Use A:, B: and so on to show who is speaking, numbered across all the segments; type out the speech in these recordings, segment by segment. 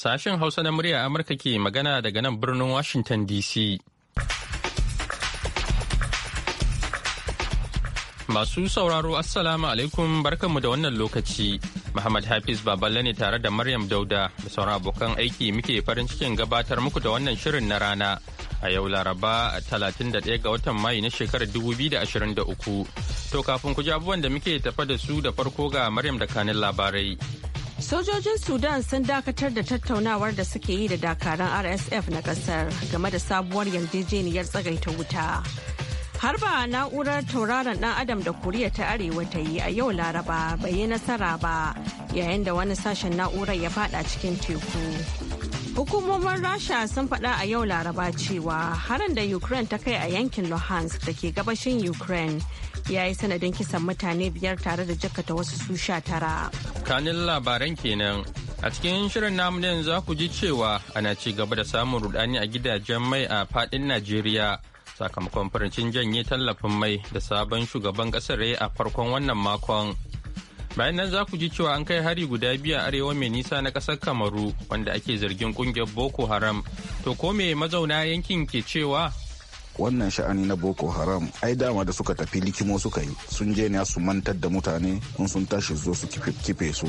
A: Sashen Hausa na murya Amurka ke magana daga nan birnin Washington DC. Masu sauraro Assalamu alaikum barkanmu da wannan lokaci. Muhammad Hafiz Baballe ne tare da Maryam Dauda da sauran abokan aiki muke farin cikin gabatar muku da wannan shirin na rana. A yau Laraba 31 ga watan Mayu na shekarar 2023. To kafin ku ji abubuwan da muke tafa da su da farko ga Maryam da kanin labarai.
B: Sojojin Sudan sun dakatar da tattaunawar da suke yi da dakaran RSF na kasar game da sabuwar yarjejeniyar tsagaita wuta. Harba na'urar tauraron dan Adam da kuriya ta Arewa ta yi a yau Laraba bai yi nasara ba yayin da wani sashen na'urar ya fada cikin teku. Hukumomin Rasha sun faɗa a yau Laraba cewa harin da Ukraine ta kai a yankin Luhansk da ke gabashin Ukraine ya yi sanadin kisan mutane biyar tare da jakata wasu su sha tara.
A: Kanin labaran kenan a cikin shirin namu yanzu za ku ji cewa ana ci gaba da samun rudani a gidajen mai a fadin Najeriya sakamakon farancin janye tallafin mai da sabon shugaban ƙasar a farkon wannan makon. bayan nan za ku ji cewa an kai hari guda biyu a arewa mai nisa na ƙasar kamaru wanda ake zargin ƙungiyar boko haram to ko me mazauna yankin ke cewa
C: wannan sha'ani na boko haram ai dama da suka tafi likimo suka yi sun je su mantar da mutane kun sun tashi zo su kife su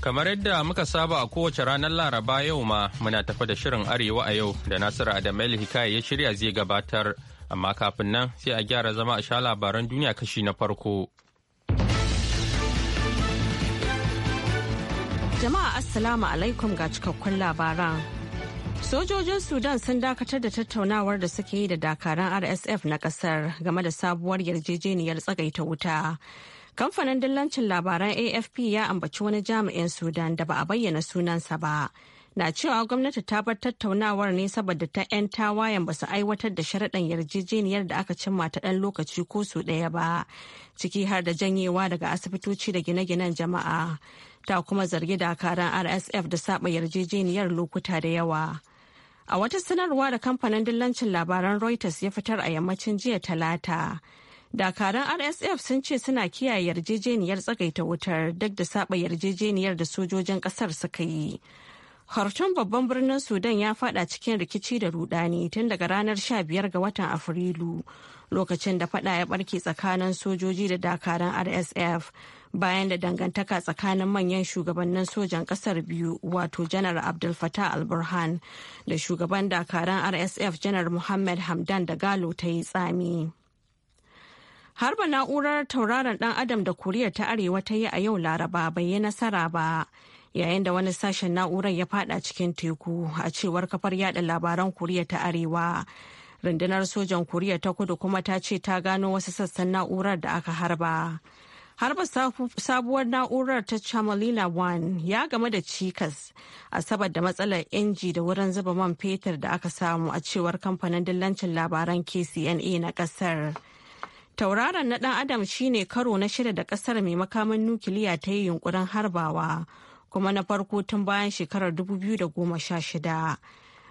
A: kamar yadda muka saba a kowace ranar laraba yau ma muna tafa da shirin arewa a yau da nasiru adamu hikaya ya shirya zai gabatar amma kafin nan sai a gyara zama a sha labaran duniya kashi na farko
B: Jama'a Assalamu alaikum ga cikakkun labaran. Sojojin Sudan sun dakatar da tattaunawar da suke yi da dakaran RSF na kasar game da sabuwar yarjejeniyar tsagaita wuta. Kamfanin dillancin labaran AFP ya ambaci wani jami'in Sudan da ba a bayyana sunansa ba. Na cewa gwamnati ta bar tattaunawar ne saboda ta 'yan tawayen ba su aiwatar da sharaɗin yarjejeniyar da aka cimma ta ɗan lokaci ko su ɗaya ba, ciki har da janyewa daga asibitoci da gine-ginen jama'a. ta kuma zargi dakaran rsf da saba yarjejeniyar lokuta da yawa a wata sanarwa da kamfanin dillancin labaran reuters ya fitar a yammacin jiya talata dakaran rsf sun ce suna kiyaye yarjejeniyar tsagaita wutar duk da saba yarjejeniyar da sojojin kasar suka yi hartun babban birnin sudan ya fada cikin rikici da rudani tun daga ranar sha biyar ga watan afrilu lokacin da fada ya barke tsakanin sojoji da dakaran rsf bayan da dangantaka tsakanin manyan shugabannin sojan kasar biyu wato janar abdul fatah al-burhan da shugaban dakaran rsf janar muhammad hamdan da galo ta yi tsami harba na'urar tauraron dan adam da koriya ta arewa ta yi a yau laraba bai yi nasara ba yayin da wani sashen na'urar ya fada cikin teku a cewar kafar yada labaran koriya ta arewa rundunar sojan koriya ta kudu kuma ta ce ta gano wasu sassan na'urar da aka harba harba sabuwar na'urar ta chamalila 1 ya game da cikas a saboda matsalar inji da wurin zuba man fetur da aka samu a cewar kamfanin dillancin labaran kcna na kasar tauraron na dan adam shine karo na shida da kasar mai makaman nukiliya ta yi yunkurin harbawa kuma na farko tun bayan shekarar 2016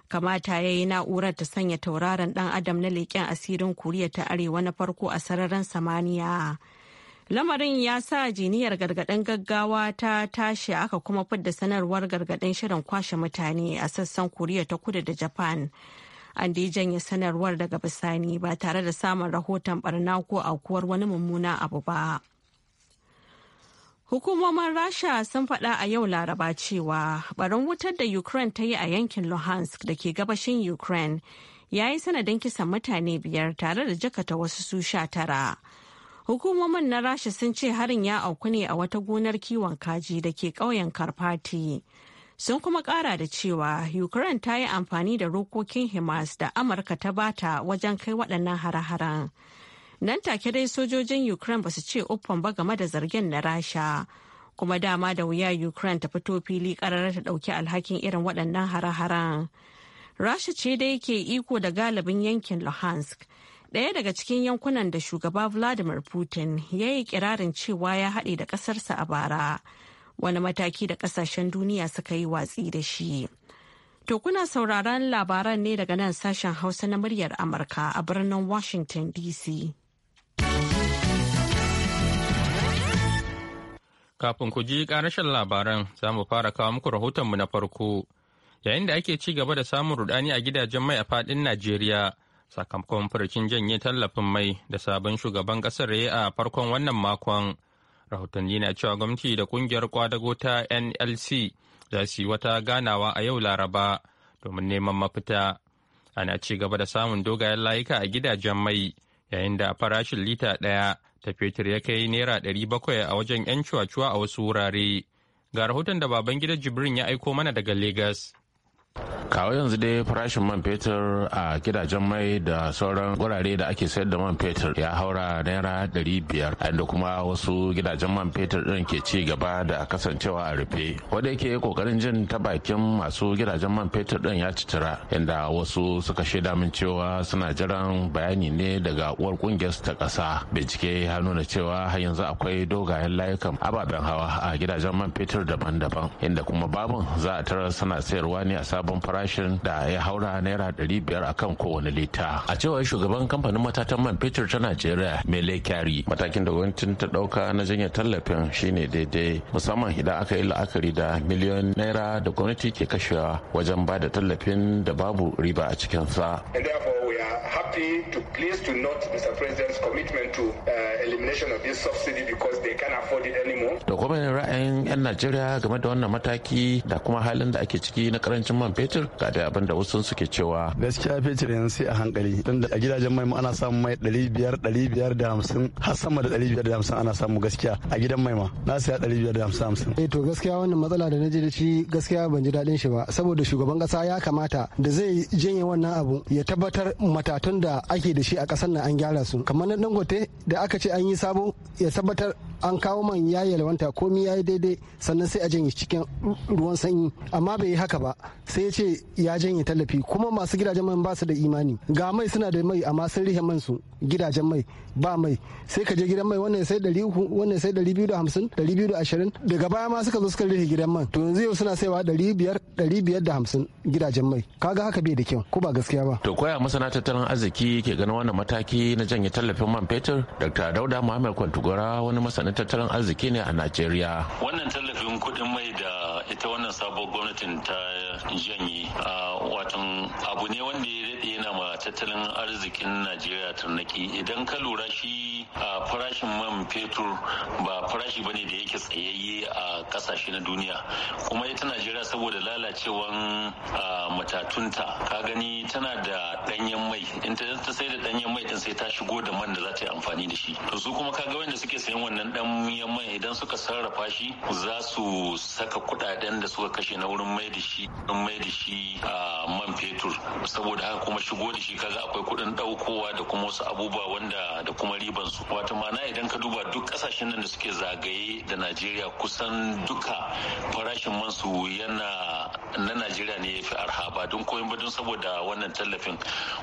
B: kamata ya yi na'urar ta sanya tauraron dan adam na leƙen asirin kuriya ta arewa na farko a sararin samaniya Lamarin ya sa jiniyar gargaɗin gaggawa ta tashi aka kuma fidda sanarwar gargaɗin shirin kwashe mutane a sassan Koriya ta kudu da Japan. An dai janye sanarwar daga bisani ba tare da samun rahoton barna ko aukuwar wani mummuna abu ba. Hukumomin Rasha sun faɗa a yau Laraba cewa barin wutar da Ukraine ta yi a yankin Luhansk da ke gabashin Ukraine ya yi sanadin kisan mutane biyar tare da jakata wasu su sha tara. Hukumomin na Rasha sun ce harin ya auku ne a wata gonar kiwon kaji da ke ƙauyen Karfati. Sun kuma ƙara da cewa Ukraine ta yi amfani da rokokin himas da Amurka ta bata wajen kai waɗannan hare-haren. Nan take dai sojojin Ukraine ba su ce uffan ba game da zargin na Rasha. kuma dama da wuya ukraine ta fito fili karar ta dauki alhakin irin waɗannan hare-haren rasha ce da yake iko da galibin yankin luhansk ɗaya daga cikin yankunan da shugaba vladimir putin ya yi kirarin cewa ya haɗe da ƙasarsa a bara wani mataki da ƙasashen duniya suka yi watsi da shi to kuna sauraron labaran ne daga nan sashen hausa na muryar amurka a birnin washington dc
A: kafin ku ji ƙarashin labaran za mu fara kawo muku rahotonmu na farko yayin da ake ci gaba da samun rudani a gidajen mai a faɗin najeriya sakamakon farcin janye tallafin mai da sabon shugaban kasar ya a farkon wannan makon rahotanni na cewa gwamnati da kungiyar kwadago ta nlc za su yi wata ganawa a yau laraba domin neman mafita ana ci gaba da samun dogayen layuka a gidajen mai yayin da farashin lita ɗaya ta fetur ya kai naira ɗari bakwai a wajen 'yan cuwa-cuwa a wasu wurare ga rahoton da baban gidan jibrin ya aiko mana daga Legas.
D: kawo yanzu dai farashin man fetur a gidajen mai da sauran wurare da ake sayar da man fetur ya haura naira ɗari biyar inda kuma wasu gidajen man fetur ɗin ke ci gaba da kasancewa a rufe wanda yake kokarin jin ta bakin masu gidajen man fetur ɗin ya citira inda wasu suka shaida min cewa suna jiran bayani ne daga uwar kungiyar ta ƙasa bincike ya nuna cewa har yanzu akwai dogayen layukan ababen hawa a gidajen man fetur daban-daban inda kuma babun za a tarar suna sayarwa ne a sabon farashi farashin da ya haura naira ɗari biyar akan kowane lita a cewar shugaban kamfanin matatan man fetur ta najeriya mele kyari matakin da gwamnatin ta ɗauka na janye tallafin shine daidai musamman idan aka yi la'akari da miliyon naira da gwamnati ke kashewa wajen ba da tallafin da babu riba a cikinsa
C: happy to please to note Mr. President's commitment to uh, elimination of this subsidy because they
D: Da kuma ra'ayin 'yan Najeriya game da wannan mataki da kuma halin da ake ciki na karancin man fetur ga da abin da wasu suke cewa.
E: Gaskiya fetur yanzu sai a hankali don da a gidajen mai ana samun mai 500 biyar har sama da 550 ana samu gaskiya a gidan mai ma
F: na saya 550 Eh to gaskiya wannan matsala da na da shi gaskiya ban ji daɗin shi ba saboda shugaban kasa ya kamata da zai janye wannan abu ya tabbatar matatun da ake da shi a ƙasar nan an gyara su kamar na dangote da aka ce an yi sabo ya tabbatar an kawo noman ya yalwanta komi ya yi daidai sannan sai a janye cikin ruwan sanyi amma bai yi haka ba sai ya ce ya janye tallafi kuma masu gidajen mai ba su da imani ga mai suna da mai amma sun rihe man su gidajen mai ba mai sai ka je gidan mai wannan sai ɗari uku wannan sai ɗari biyu da hamsin ɗari biyu da ashirin daga baya ma suka zo suka rihe gidan man to yanzu yau suna saiwa ɗari biyar ɗari biyar da hamsin gidajen mai kaga haka bai da kyau ko ba gaskiya ba.
D: to koya masana tattalin arziki ke ganin wannan mataki na janye tallafin man fetur dr dauda muhammad kwantugora wani masanin tattalin arziki ne a Najeriya. Wannan tallafin kuɗin mai da ita wannan sabon gwamnatin ta janye watan abu ne wanda ya tattalin arzikin najeriya tarnaki idan ka lura shi a farashin man fetur ba farashi ba ne da yake tsayayye a kasashe na duniya kuma ita najeriya saboda lalacewan matatunta ka gani tana da danyen mai in ta sai da danyen mai din sai ta shigo da man da za ta yi amfani da shi to su kuma ka ga wanda suke sayan wannan danyen mai idan suka sarrafa shi za su saka kudaden da suka kashe na wurin mai da shi mai da shi a man fetur saboda haka kuma shigo shigo da shi kaga akwai kuɗin ɗaukowa da kuma wasu abubuwa wanda da kuma riban su wato ma'ana idan ka duba duk kasashen nan da suke zagaye
F: da najeriya kusan duka farashin man su yana na najeriya ne ya
D: fi arha ba don koyon ba don saboda wannan tallafin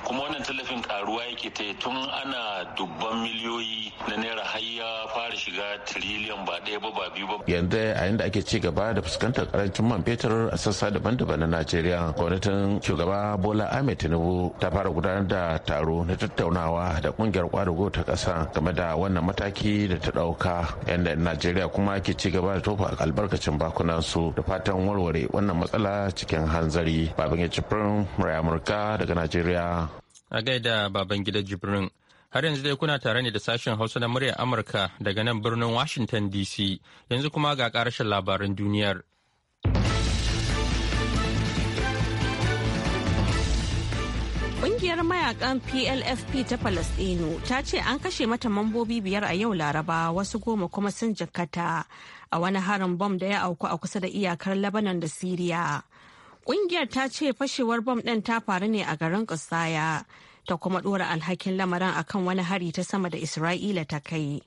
D: kuma wannan tallafin karuwa yake ta tun ana dubban miliyoyi na naira har ya fara shiga tiriliyan ba ɗaya ba ba biyu ba yanzu a yanda ake ci gaba da fuskantar karancin man fetur a sassa daban-daban na najeriya gwamnatin shugaba bola ahmed tinubu ta ta fara gudanar da taro na tattaunawa da kungiyar kwadago ta ƙasa game da wannan mataki da ta ɗauka yadda najeriya kuma ke ci gaba da tofa albarkacin bakunan su da fatan warware wannan matsala cikin hanzari baban ya jibrin murai amurka daga najeriya
A: a gaida baban gida jibrin har yanzu dai kuna tare ne da sashen hausa na muryar amurka daga nan birnin washington dc yanzu kuma ga ƙarashin labaran duniyar
B: Ƙungiyar mayakan PLFP ta Falasɗinu ta ce an kashe mata mambobi biyar a yau Laraba wasu goma kuma sun jikkata a wani harin bom da ya auku a kusa da iyakar Lebanon da Siriya. Ƙungiyar ta ce fashewar bom ɗin ta faru ne a garin Kusaya ta kuma ɗora alhakin lamarin akan wani hari ta sama da Isra'ila ta kai.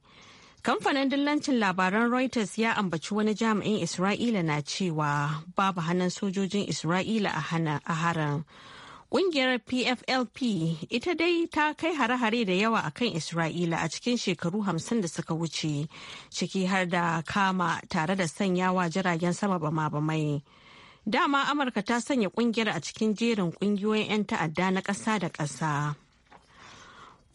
B: Kamfanin dillancin labaran Reuters ya ambaci wani jami'in Isra'ila na cewa babu hannun sojojin Isra'ila a harin. Ƙungiyar PFLP ita dai ta kai hare-hare da yawa a kan Isra'ila a cikin shekaru hamsin da suka wuce, ciki har da kama tare da sanyawa jiragen sama bama-bamai. Dama Amurka ta sanya ƙungiyar a cikin jerin ƙungiyoyin 'yan ta'adda na ƙasa da ƙasa.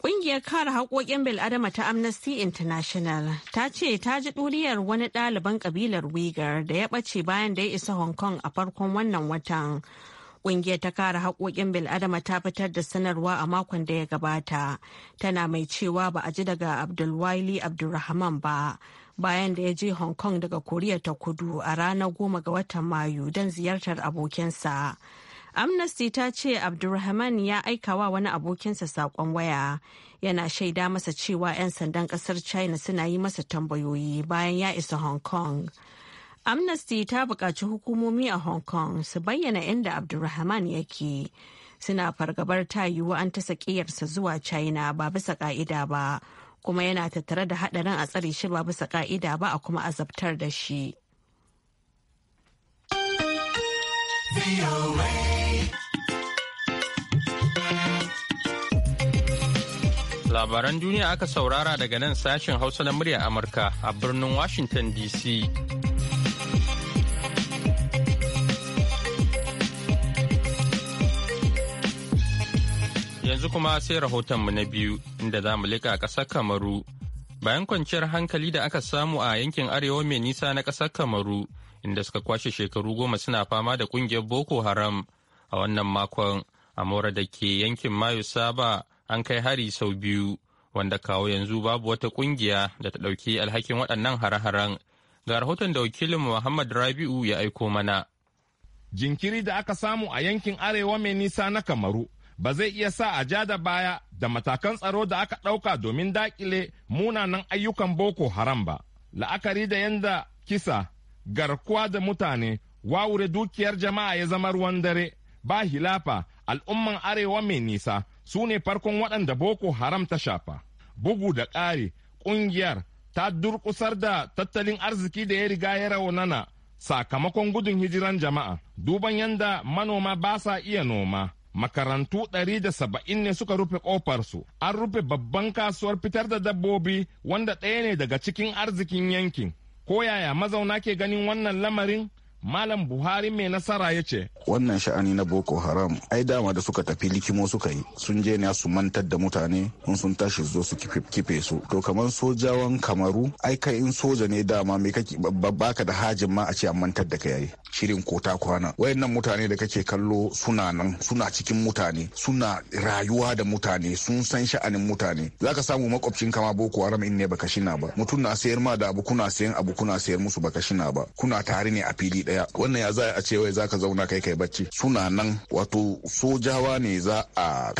B: Ƙungiyar kare haƙoƙin bil'adama ta Amnesty International ta ce ta ji ɗuriyar wani ɗaliban ƙabilar Uyghur da ya ɓace bayan da ya isa Hong Kong a farkon wannan watan. Kungiyar ta kare haƙoƙin bil'adama ta fitar da sanarwa a makon da ya gabata. Tana mai cewa ba a ji daga Abdulwali Abdulrahman ba bayan da ya je Hong Kong daga Koriya ta kudu a ranar goma ga watan Mayu don ziyartar abokinsa. Amnesty ta ce Abdulrahman ya aika wa wani abokinsa saƙon waya. Yana shaida masa cewa 'yan sandan ƙasar China suna yi masa tambayoyi bayan ya isa Hong Kong. amnesty ta buƙaci hukumomi a hong kong su bayyana inda abdulrahman yake suna fargabar ta yiwu an ta sakiyarsa zuwa china ba bisa ka'ida ba kuma yana tattare da haɗarin a tsare shi ba bisa ka'ida ba a kuma azabtar da shi
A: Labaran duniya aka saurara daga nan sashen Hausa na murya Amurka a birnin Washington DC. Yanzu kuma sai rahotonmu na biyu inda za mu lika ƙasar Kamaru. Bayan kwanciyar hankali da aka samu a yankin arewa mai nisa na ƙasar Kamaru, inda suka kwashe shekaru goma suna fama da ƙungiyar Boko Haram a wannan makon a mora da ke yankin Mayu Saba an kai hari sau biyu, wanda kawo yanzu babu wata ƙungiya da ta ɗauki alhakin waɗannan hare-haren. Ga rahoton da wakilin Muhammad Rabi'u ya aiko mana. Jinkiri da aka samu a yankin
G: arewa mai nisa na Kamaru ba zai iya sa a ja da baya da matakan tsaro da aka ɗauka domin daƙile munanan ayyukan boko haram ba la'akari da yanda kisa garkuwa da mutane wawure dukiyar jama'a ya zama ruwan dare ba hilafa al'umman arewa mai nisa su ne farkon waɗanda boko haram ta shafa bugu da ƙari ƙungiyar ta durƙusar da tattalin arziki da ya riga ya raunana sakamakon gudun hijiran jama'a duban yanda manoma ba sa iya noma makarantu da saba'in ne suka rufe kofarsu an rufe babban kasuwar fitar da dabbobi wanda ɗaya ne daga cikin arzikin yankin ko yaya mazauna ke ganin wannan lamarin Malam Buhari mai nasara ya ce.
C: Wannan sha'ani na Boko Haram ai dama da suka tafi likimo suka yi sun je ne su mantar da mutane in sun tashi zo su kife su to kamar sojawan kamaru ai kai in soja ne dama mai kake baka da hajin ma a ce an mantar da ka yayi shirin ko ta kwana wayannan mutane da kake kallo suna nan suna cikin mutane suna rayuwa da mutane sun san sha'anin mutane za ka samu makwabcin kama Boko Haram in ne baka shina ba mutum na sayar ma da abu kuna sayan abu kuna sayar musu baka shina ba kuna tare ne a fili daya wannan ya za a ce wai zaka zauna kai kai bacci suna nan wato sojawa ne za a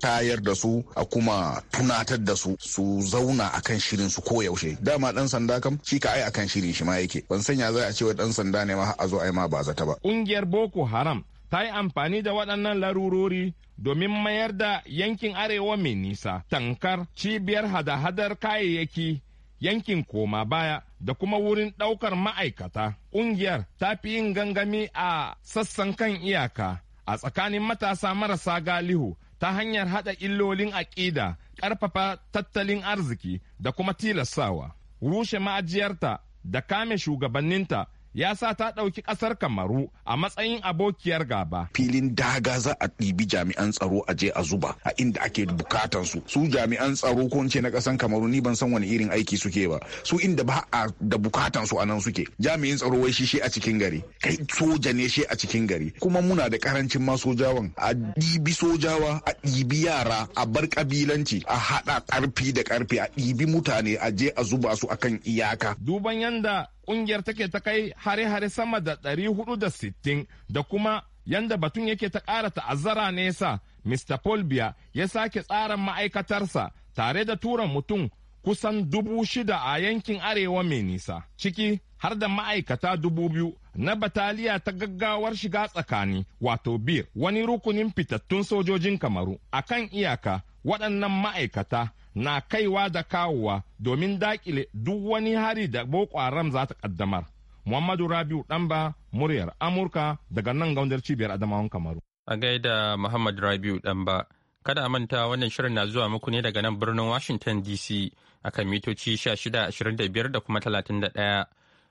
C: tayar da su a kuma tunatar da su su zauna akan shirin su ko yaushe dama dan sanda kam shi ka ai akan shirin shi ma
G: yake ban sanya za a ce wai dan sanda ne ma a zo ai ma ba zata ba kungiyar boko haram ta yi amfani da waɗannan larurori domin mayar da yankin arewa mai nisa tankar cibiyar hada-hadar kayayyaki yankin koma baya da kuma wurin ɗaukar ma'aikata. Ƙungiyar ta fi yin gangami a sassan kan iyaka a tsakanin matasa marasa galihu ta hanyar haɗa illolin aƙida, ƙarfafa tattalin arziki da kuma tilastawa. Rushe ma'ajiyarta da kame shugabanninta ya sa ta ɗauki ƙasar kamaru a matsayin abokiyar gaba. filin
C: daga za a ɗibi jami'an tsaro a je a zuba a inda ake bukatan su su jami'an tsaro ko ce na ƙasan kamaru ni ban san wani irin aiki suke ba su inda ba a da bukatan su a nan suke jami'in tsaro wai shi shi a cikin gari kai soja ne shi a cikin gari kuma muna da karancin ma sojawan a ɗibi sojawa a ɗibi yara a bar ƙabilanci a haɗa ƙarfi da ƙarfi a ɗibi mutane a je a zuba su akan iyaka.
G: duban yanda kungiyar take ta kai hare-hare sama da 460 da kuma yanda batun yake ta ƙara ta'azzara nesa mr polbia ya sake tsara ma'aikatarsa tare da tura mutum kusan dubu shida a yankin arewa mai nisa ciki har da ma'aikata dubu biyu na bataliya ta gaggawar shiga tsakani wato bir wani rukunin fitattun sojojin kamaru a kan iyaka waɗannan ma'aikata na kaiwa da kawowa domin dakile duk wani hari da Boko Haram za ta kaddamar. Muhammadu Rabiu Ɗanba, muryar Amurka daga nan gaunar cibiyar Adamawan Kamaru.
A: A gaida Muhammad Rabiu Ɗanba, kada a manta wannan shirin na zuwa muku ne daga nan birnin Washington DC a akan mitoci 1625 da kuma 31.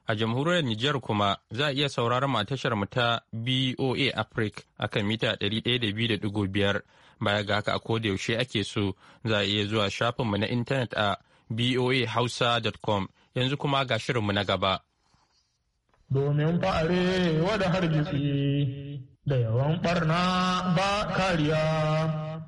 A: A jamhuriyar Nijar kuma za a iya sauraron mu a tashar mu ta BOA Africa akan mita 102.5. Baya ga haka a yaushe ake so za a iya zuwa shafinmu na intanet a boahausa.com yanzu kuma ga shirinmu na gaba.
G: Domin fa'are wada hargitsi da yawan barna ba kariya.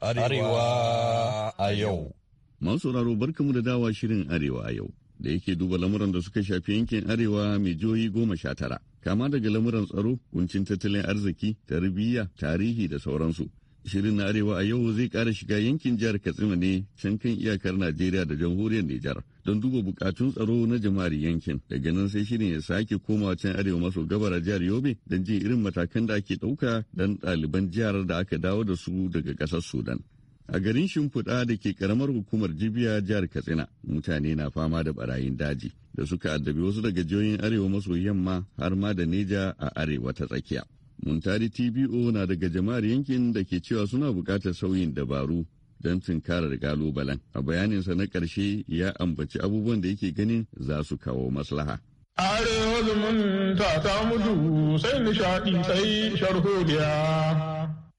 E: Arewa a yau. Masu raro barkamu da dawa shirin Arewa a yau da yake duba lamuran da suka shafi yankin Arewa mai jihohi goma sha tara. kama daga lamuran tsaro kuncin tattalin arziki tarbiyya tarihi da sauransu shirin na arewa a yau zai kara shiga yankin jihar katsina ne can kan iyakar najeriya da jamhuriyar nijar don duba bukatun tsaro na jama'ar yankin daga nan sai shirin ya sake koma can arewa maso gabar jihar yobe don jin irin matakan da ake dauka don ɗaliban jihar da aka dawo da su daga ƙasar sudan a garin shimfiɗa da ke karamar hukumar jibiya jihar katsina mutane na fama da barayin daji da suka addabi wasu daga jihohin arewa maso yamma har ma da neja a arewa ta tsakiya muntari tbo na daga jama'ar yankin da ke cewa suna buƙatar sauyin dabaru don tunkarar galubalen. a bayaninsa na ƙarshe ya ambaci abubuwan da yake ganin za su kawo maslaha
G: arewa zumunta ta mutu sai nishaɗi sai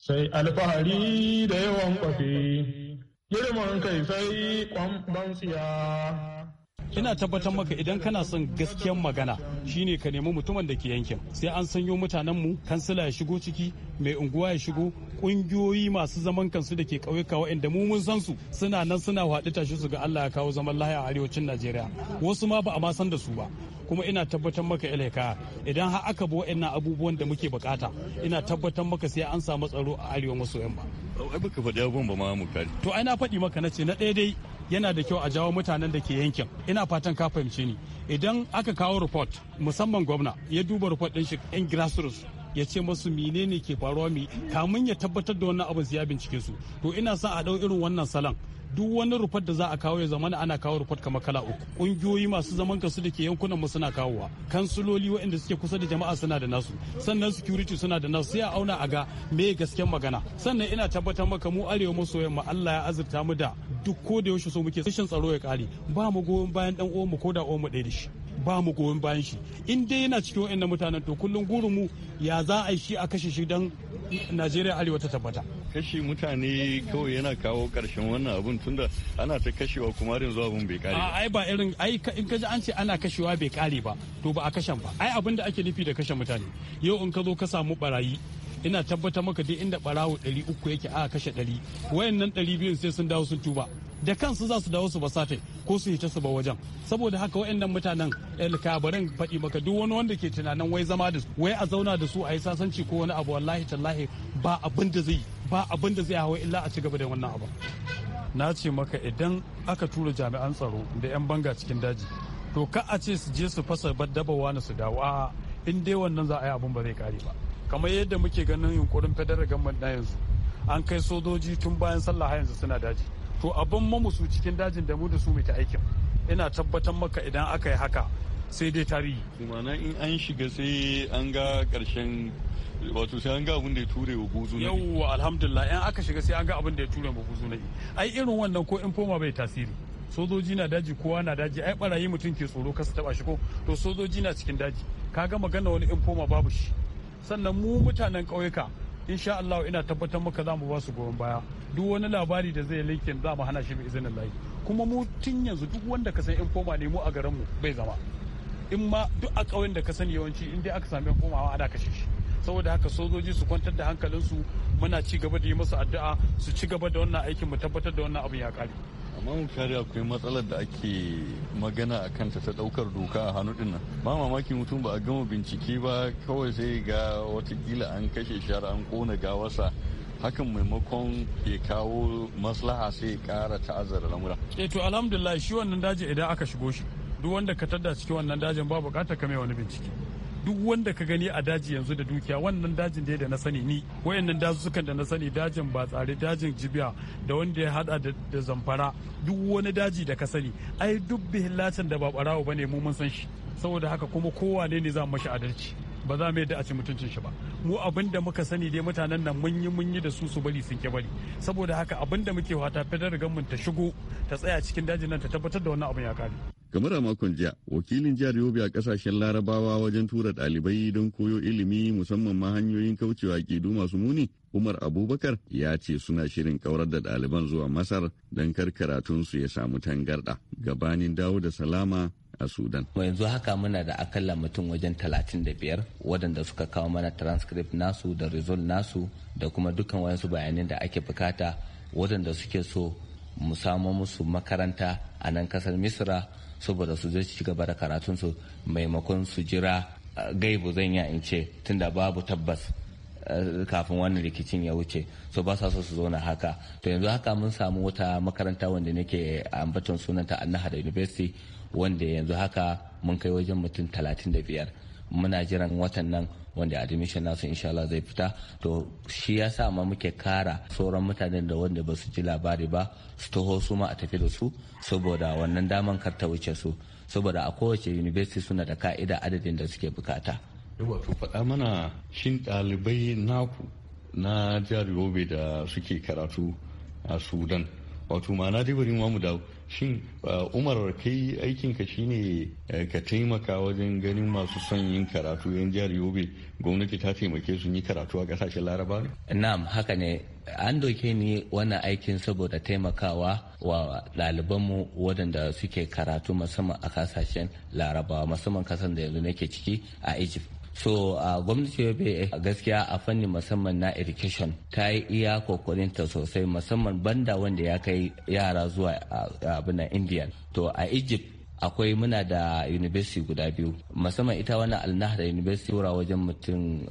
G: sai alfahari da yawan kwafi,
H: girman kai sai kwamban siya. ina tabbatar maka idan kana son gaskiyar magana shine ka nemi mutumin da ke yankin sai an sanyo mutanen mu kansila ya shigo ciki mai unguwa ya shigo kungiyoyi masu zaman kansu da ke ƙauyuka waɗanda mu mun san su suna nan suna haɗu tashi su ga Allah ya kawo zaman lahiya a arewacin Najeriya wasu ma ba a ma san da su ba kuma ina tabbatar maka ilaika idan har aka bi waɗannan abubuwan da muke bukata ina tabbatar maka sai an samu tsaro a arewa maso yamma.
E: Ai baka faɗi abun ba ma mu
H: To ai na faɗi maka na ce na daidai. yana da kyau a jawo mutanen da ke yankin ina fatan ka fahimce ni idan aka kawo report musamman gwamna ya duba report din shi yan grassroots ya ce masu menene ke faruwa mi kamun ya tabbatar da wannan abin ya bincike su to ina son a dau irin wannan salon duk wani rufot da za a kawo ya zamana ana kawo report kamar kala uku kungiyoyi masu zaman kansu da ke yankunan mu suna kawowa kansuloli waɗanda suke kusa da jama'a suna da nasu sannan security suna da nasu sai a auna a ga me gasken magana sannan ina tabbatar maka mu arewa maso yamma Allah ya azurta mu da duk ko da yaushe so muke rashin tsaro ya kare ba mu goyon bayan dan uwan mu ko da uwan mu ɗaya da shi ba mu goyon bayan shi in dai yana cikin wayannan mutanen to kullum gurin mu ya za a yi shi a kashe shi dan Najeriya Arewa ta tabbata
E: kashe mutane kawai yana kawo karshen wannan abun tunda ana ta kashewa kuma zuwa abun bai kare ba. ai
H: ba irin ai in ka ji an ce ana kashewa bai kare ba to ba a kashen ba ai abin da ake nufi da kashe mutane yau in ka zo ka samu barayi ina tabbatar maka duk inda barawo 300 yake aka kashe 100 wayannan 200 sai sun dawo sun tuba da kansu za su dawo su ba safe ko su hita su ba wajen saboda haka wayannan mutanen alkabaran faɗi maka duk wani wanda ke tunanin wai zama da su wai a zauna da su a yi sasanci ko wani abu wallahi tallahi ba abin da zai ba abin da zai hawa illa a ci gaba da wannan abu na ce maka idan aka tura jami'an tsaro da 'yan banga cikin daji to ka a ce su je su fasa dabawa na su dawo a'a in dai wannan za a yi abun ba zai kare ba kamar yadda muke ganin yunkurin federal government na yanzu an kai sojoji tun bayan sallah yanzu suna daji to abin mamusu cikin dajin da mu da su mai aikin ina tabbatar maka idan aka yi haka sai dai tarihi na in an shiga sai an ga karshen wato sai an ga abin da ya ture wa buzu na yau alhamdulillah in aka shiga sai an ga abin da ya ture wa buzu na ai irin wannan ko in foma bai tasiri sojoji na daji kowa na daji ai barayi mutum ke tsoro kasa taba shi ko to sojoji na cikin daji kaga magana wani in foma babu shi sannan mu mutanen ƙauyuka insha Allah ina tabbatar maka za mu ba su goyon baya duk wani labari da zai linkin za mu hana shi bi izinin layi kuma mu tun yanzu duk wanda ka san informa ne mu a garin mu bai zama in ma duk a ƙauyen da ka sani yawanci in dai aka sami infoma ana kashe shi saboda haka sojoji su kwantar da hankalinsu muna ci gaba da yi masu addu'a su ci gaba da wannan aikin mu tabbatar da wannan abin ya kare
E: Imamu Kari akwai matsalar da ake magana a kanta ta daukar doka a hannu dinnan. Ba mamaki mutum ba a gama bincike ba kawai sai ga watakila an kashe shara an kona gawarsa hakan maimakon ya kawo maslaha sai ya kara ta'azzara lamura.
H: Eh to alhamdulillah shi wannan dajin idan aka shigo shi duk wanda ka tada cikin wannan dajin ba bukatar ka mai wani bincike. duk wanda ka gani a daji yanzu da dukiya wannan dajin da da na sani ni wayannan dazuzzukan da na sani dajin ba tsare dajin jibiya da wanda ya hada da zamfara duk wani daji da ka sani ai duk bihillacin da ba barawo bane mu mun san shi saboda haka kuma kowane ne za mu mashi adalci ba za mu yadda a ci mutuncin shi ba mu abin da muka sani dai mutanen nan mun yi mun yi da su su bari sun ke bari saboda haka abin da muke wata federal government ta shigo ta tsaya cikin dajin nan ta tabbatar da wannan abin ya kare
E: kamar a makon jiya wakilin jihar yobe a kasashen larabawa wajen tura dalibai don koyo ilimi musamman ma hanyoyin kaucewa kidu masu muni umar abubakar ya ce suna shirin kaurar da daliban zuwa masar don kar su ya samu tangarɗa gabanin dawo da salama a sudan
F: yanzu haka muna da akalla mutum wajen 35 wadanda suka kawo mana transcript nasu da result nasu da kuma dukkan wayansu bayanin da ake bukata waɗanda suke so mu samo musu makaranta a nan kasar misra saboda su zai ci gaba da karatunsu maimakon su jira gaibu zan ya in ce tunda babu tabbas kafin wannan rikicin ya wuce so ba sa so su zauna haka to yanzu haka mun samu wata makaranta wanda nake ambaton sunanta annahar university wanda yanzu haka mun kai wajen mutum talatin da biyar. muna jiran watan nan wanda admission nasu insha Allah zai fita to shi ya sa ma muke kara sauran mutanen da wanda ba su ji labari ba su taho su ma a tafi da su saboda wannan daman kar ta wuce su saboda a kowace university suna da ka'ida adadin da suke bukata.
E: wato faɗa mana shin
F: ɗalibai
E: naku na jihar yobe da suke karatu a sudan wato ma na dai bari mu da. shin uh, umar kai aikinka shine uh, ka taimaka wajen ganin masu son yin karatu yan jihar yobe gwamnati ta taimake su yi karatu
F: a kasashen laraba ne na'am haka ne an doke ni wannan aikin saboda taimakawa wa ɗalibanmu waɗanda suke karatu musamman a kasashen laraba musamman kasan da yanzu nake ciki a egypt so a gwamnati a gaskiya a fannin musamman na education ta yi iya ta sosai musamman banda wanda ya kai yara zuwa abin indiya to a egypt akwai muna da university guda biyu musamman ita wannan da university wura wajen mutum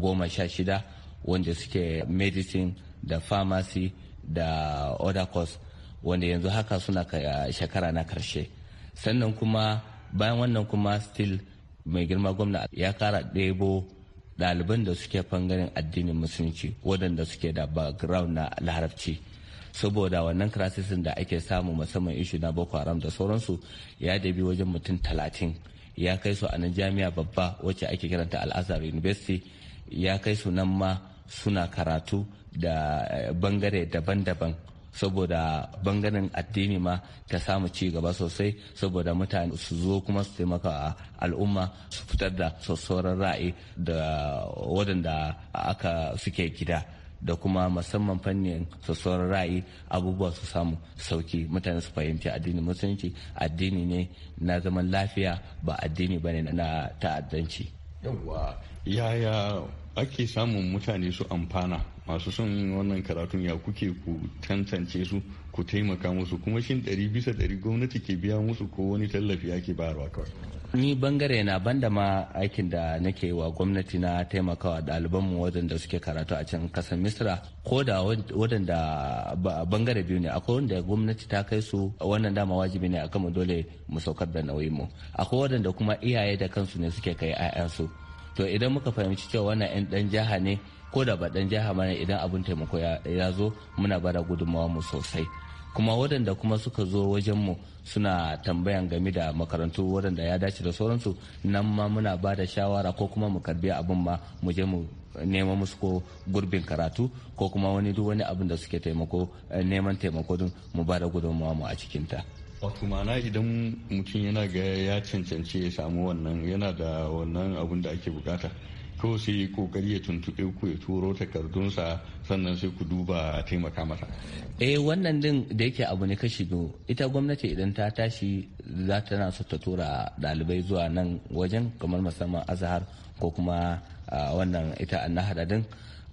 F: goma sha shida wanda suke medicine da pharmacy da other course wanda yanzu haka suna shekara na karshe sannan kuma bayan wannan kuma still mai girma gwamna ya kara ɗebo ɗaliban da suke bangaren addinin musulunci waɗanda suke da background na larabci saboda wannan krasisin da ake samu musamman ishu na boko haram da sauransu ya dabi wajen mutum talatin ya kai su a nan jami'a babba wacce ake kiranta al'azar university ya kai su nan ma suna karatu da eh, bangare daban-daban saboda bangaren addini ma ta samu ci gaba sosai saboda mutane su zo kuma su taimaka a al'umma su fitar da sassauran ra'ayi da waɗanda aka suke gida da kuma musamman fannin sassauran ra'ayi abubuwa su samu sauki mutane su fahimci addini musulunci addini ne na zaman lafiya ba addini ba ne na ta'addanci yawa yaya ake samun
E: mutane su amfana masu son wannan karatun ya kuke ku tantance su ku taimaka musu kuma shin ɗari bisa ɗari gwamnati ke biya musu ko wani tallafi ake bayarwa kawai.
F: ni bangare na banda ma aikin da nake wa gwamnati na taimakawa ɗalibanmu waɗanda suke karatu a can ƙasar misira ko da waɗanda bangare biyu ne akwai wanda gwamnati ta kai su wannan dama wajibi ne akan mu dole mu saukar da nauyin mu akwai waɗanda kuma iyaye da kansu ne suke kai 'ya'yansu to idan muka fahimci cewa wannan 'yan ɗan jiha ne ko da baɗan jiha mana idan abin taimako ya zo muna bada gudunmawa mu sosai kuma waɗanda kuma suka zo wajen mu suna tambayan game da makarantu waɗanda ya dace da sauransu nan ma muna ba da shawara ko kuma mu karbi abin ma mu je mu nema musu ko gurbin karatu ko kuma wani duk wani abin da suke taimako eh, neman taimako din mu ba da gudunmawa mu a cikinta. wato ma'ana idan
E: mutum yana ga ya cancanci ya samu wannan yana da wannan abin da ake bukata ko sai yi kokari ya tuntuɓe ku
F: ya turo takardunsa sannan sai ku duba a taimaka masa eh wannan din da yake abu ne kashi do ita gwamnati idan ta tashi za ta na so ta tura ɗalibai zuwa nan wajen kamar musamman azahar ko kuma wannan ita annahada din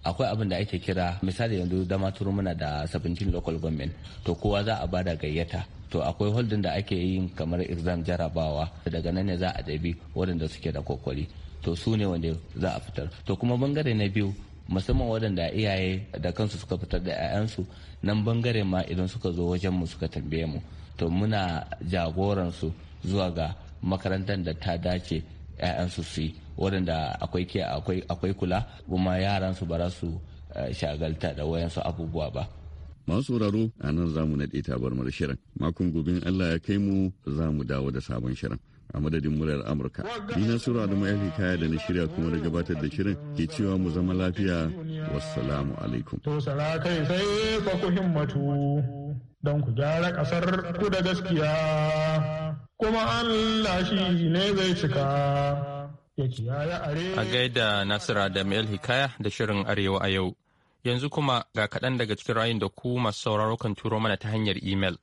F: akwai abin da ake kira misali yanzu dama turu muna da 17 local government to kowa za a bada gayyata to akwai holding da ake yin kamar exam jarabawa daga nan ne za a ɗabi waɗanda suke da kokwari to su ne wanda za a fitar to kuma bangare na biyu musamman waɗanda iyaye da kansu suka fitar da 'ya'yansu nan bangare ma idan suka zo wajen mu suka tambaye mu to muna jagoransu zuwa ga makarantar da ta dace 'ya'yansu su yi waɗanda akwai akwai kula kuma yaransu ba su eh, shagalta da wayansu abubuwa ba
E: masu sauraro a
F: nan za mu naɗe
E: tabar shirin makon gobe Allah ya kai mu za mu dawo da sabon shirin a madadin muryar amurka ni na sura da kaya da na shirya kuma da gabatar da shirin ke cewa mu zama lafiya wassalamu alaikum to
G: sara sai fa ku himmatu don ku gyara kasar ku da gaskiya kuma allah ne
F: zai cika a
A: gaida nasira da ma'aikata hikaya da shirin arewa a yau yanzu kuma ga kaɗan daga cikin rayun da ku masu sauraro kan turo mana ta hanyar imel.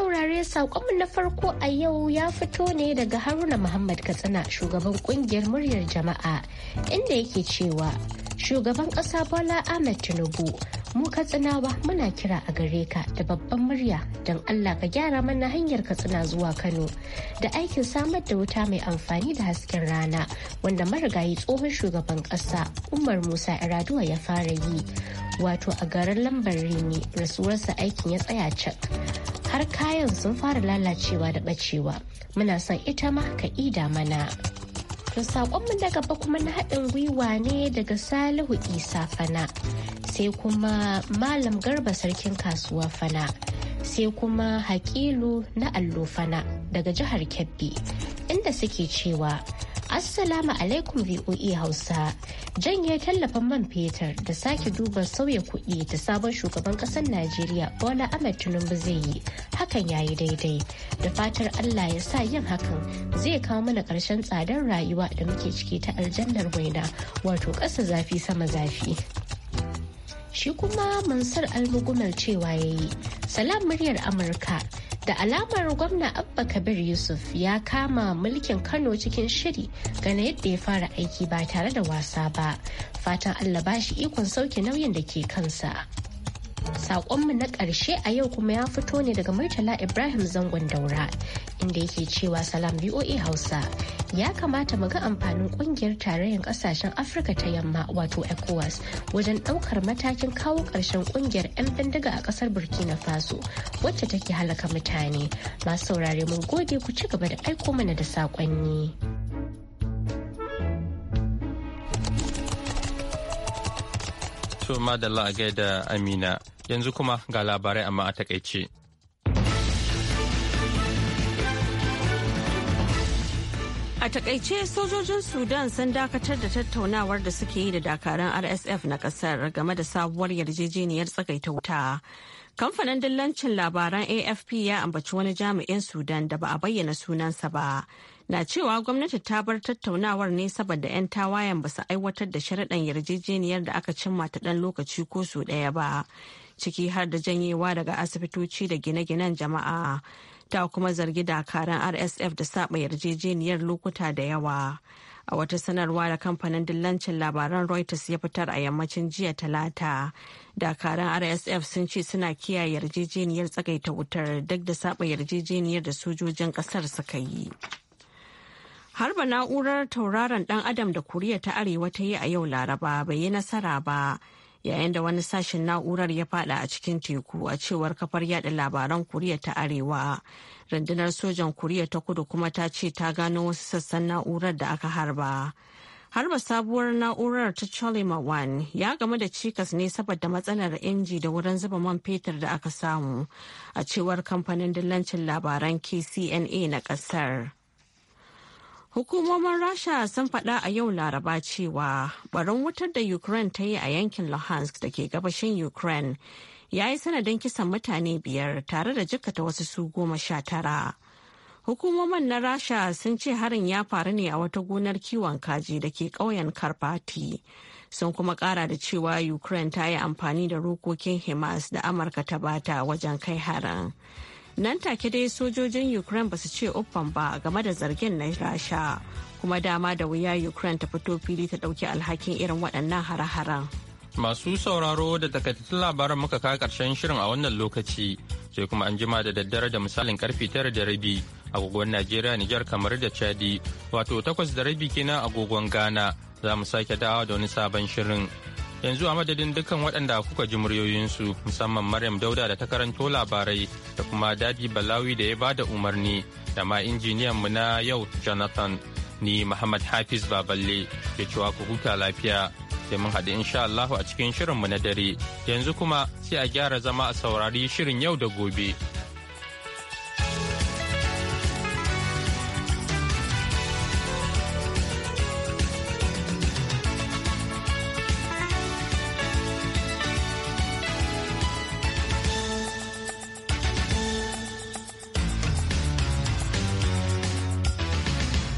I: saurare saƙonmu na farko a yau ya fito ne daga Haruna Muhammad Katsina shugaban kungiyar muryar jama'a inda yake cewa shugaban ƙasa Bola Ahmed Tinubu mu katsinawa muna kira a gare ka da babban murya don Allah ka gyara mana hanyar katsina zuwa Kano da aikin samar da wuta mai amfani da hasken rana wanda marigayi tsohon shugaban ƙasa Umar Musa Iraduwa ya fara yi wato a garin lambar rini rasuwarsa aikin ya tsaya cak har kayan sun fara lalacewa da ɓacewa muna son ita ma ka ida mana to saƙonmu na gaba kuma na haɗin gwiwa ne daga salihu isa fana sai kuma malam garba sarkin kasuwa fana sai kuma hakilu na allo fana daga jihar kebbi inda suke cewa Assalamu alaikum VOE Hausa. Janye tallafin man fetur da sake duba sauya kuɗi da sabon shugaban ƙasar Najeriya Bola Ahmed Tinubu zai yi. Hakan ya yi daidai. Da fatar Allah ya sa yin hakan zai kawo mana ƙarshen tsadar rayuwa da muke ciki ta aljannar waina wato ƙasa zafi sama zafi. Shi kuma Mansur Almugumal cewa ya yi. Salam muryar Amurka. da alamar gwamna abba kabir yusuf ya kama mulkin kano cikin shiri gane yadda ya fara aiki ba tare da wasa ba fatan allah ba shi ikon sauke nauyin da ke kansa Saƙonmu na ƙarshe a yau kuma ya fito ne daga Murtala Ibrahim Zangon Daura inda yake cewa salam BOA Hausa ya kamata mu ga amfanin kungiyar tarayyar kasashen Afirka ta yamma wato ECOWAS wajen daukar matakin kawo karshen kungiyar 'yan bindiga a kasar Burkina Faso wacce take halaka mutane. Masu saurare mun gode ku ci gaba da aiko mana da saƙonni.
A: To madalla a gaida Amina yanzu kuma ga labarai amma a takaice.
B: A takaice sojojin Sudan sun dakatar da tattaunawar da suke yi da dakaran RSF na kasar game da sabuwar yarjejeniyar tsagaita wuta. Kamfanin dillancin labaran AFP ya ambaci wani jami'in Sudan da ba a bayyana sunansa ba. Na cewa gwamnati ta bar tattaunawar ne saboda 'yan tawayen ba su aiwatar da shirin yarjejeniyar da aka cimma ta ɗan lokaci ko su ɗaya ba. Ciki har da janyewa daga asibitoci da gine-ginen jama'a. ta kuma zargi dakaran rsf da saba yarjejeniyar lokuta da yawa a wata sanarwa da kamfanin dillancin labaran reuters ya fitar a yammacin jiya talata dakaran rsf sun ce suna kiyaye yarjejeniyar tsagaita wutar duk da saba yarjejeniyar da sojojin kasar suka yi harba na'urar tauraron dan adam da kuriya ta arewa ta yi a yau laraba bai yi nasara ba yayin da wani sashen na'urar ya fada a cikin teku a cewar kafar yada labaran koriya ta arewa rundunar sojan koriya ta kudu kuma ta ce ta gano wasu sassan na'urar da aka harba harba sabuwar na'urar ta cholima 1 ya gamu da cikas ne saboda matsalar inji da wurin zuba man fetur da aka samu a cewar kamfanin dillancin labaran kcna na kasar Hukumomin Rasha sun faɗa a yau Laraba cewa barin wutar da Ukraine ta yi a yankin Luhansk da ke gabashin Ukraine ya yi sanadin kisan mutane biyar tare da jikata wasu su goma sha tara. Hukumomin na Rasha sun ce harin ya faru ne a wata gonar kiwon kaji da ke ƙauyen Karfati. Sun kuma ƙara da cewa Ukraine ta yi amfani da rokokin himas da Amurka ta bata wajen kai harin. nan take dai sojojin ukraine ba su ce uffan ba game da zargin na rasha kuma dama da wuya ukraine ta fito fili ta dauki alhakin irin waɗannan hare-haren
A: masu sauraro da takaitattun labaran muka kawo karshen shirin a wannan lokaci sai kuma an jima da daddare da misalin karfe tara da rabi agogon najeriya niger kamar da chadi wato takwas da rabi kenan agogon ghana za mu sake dawa da wani sabon shirin yanzu a madadin dukkan waɗanda kuka ji muryoyinsu musamman maryam dauda da ta karanto labarai da kuma dadi balawi da ya ba da umarni da ma injiniyan mu na yau jonathan ni muhammad hafiz baballe ke cewa ku huta lafiya sai mun haɗu insha allahu a cikin shirin mu na dare yanzu kuma sai a gyara zama a saurari shirin yau da gobe.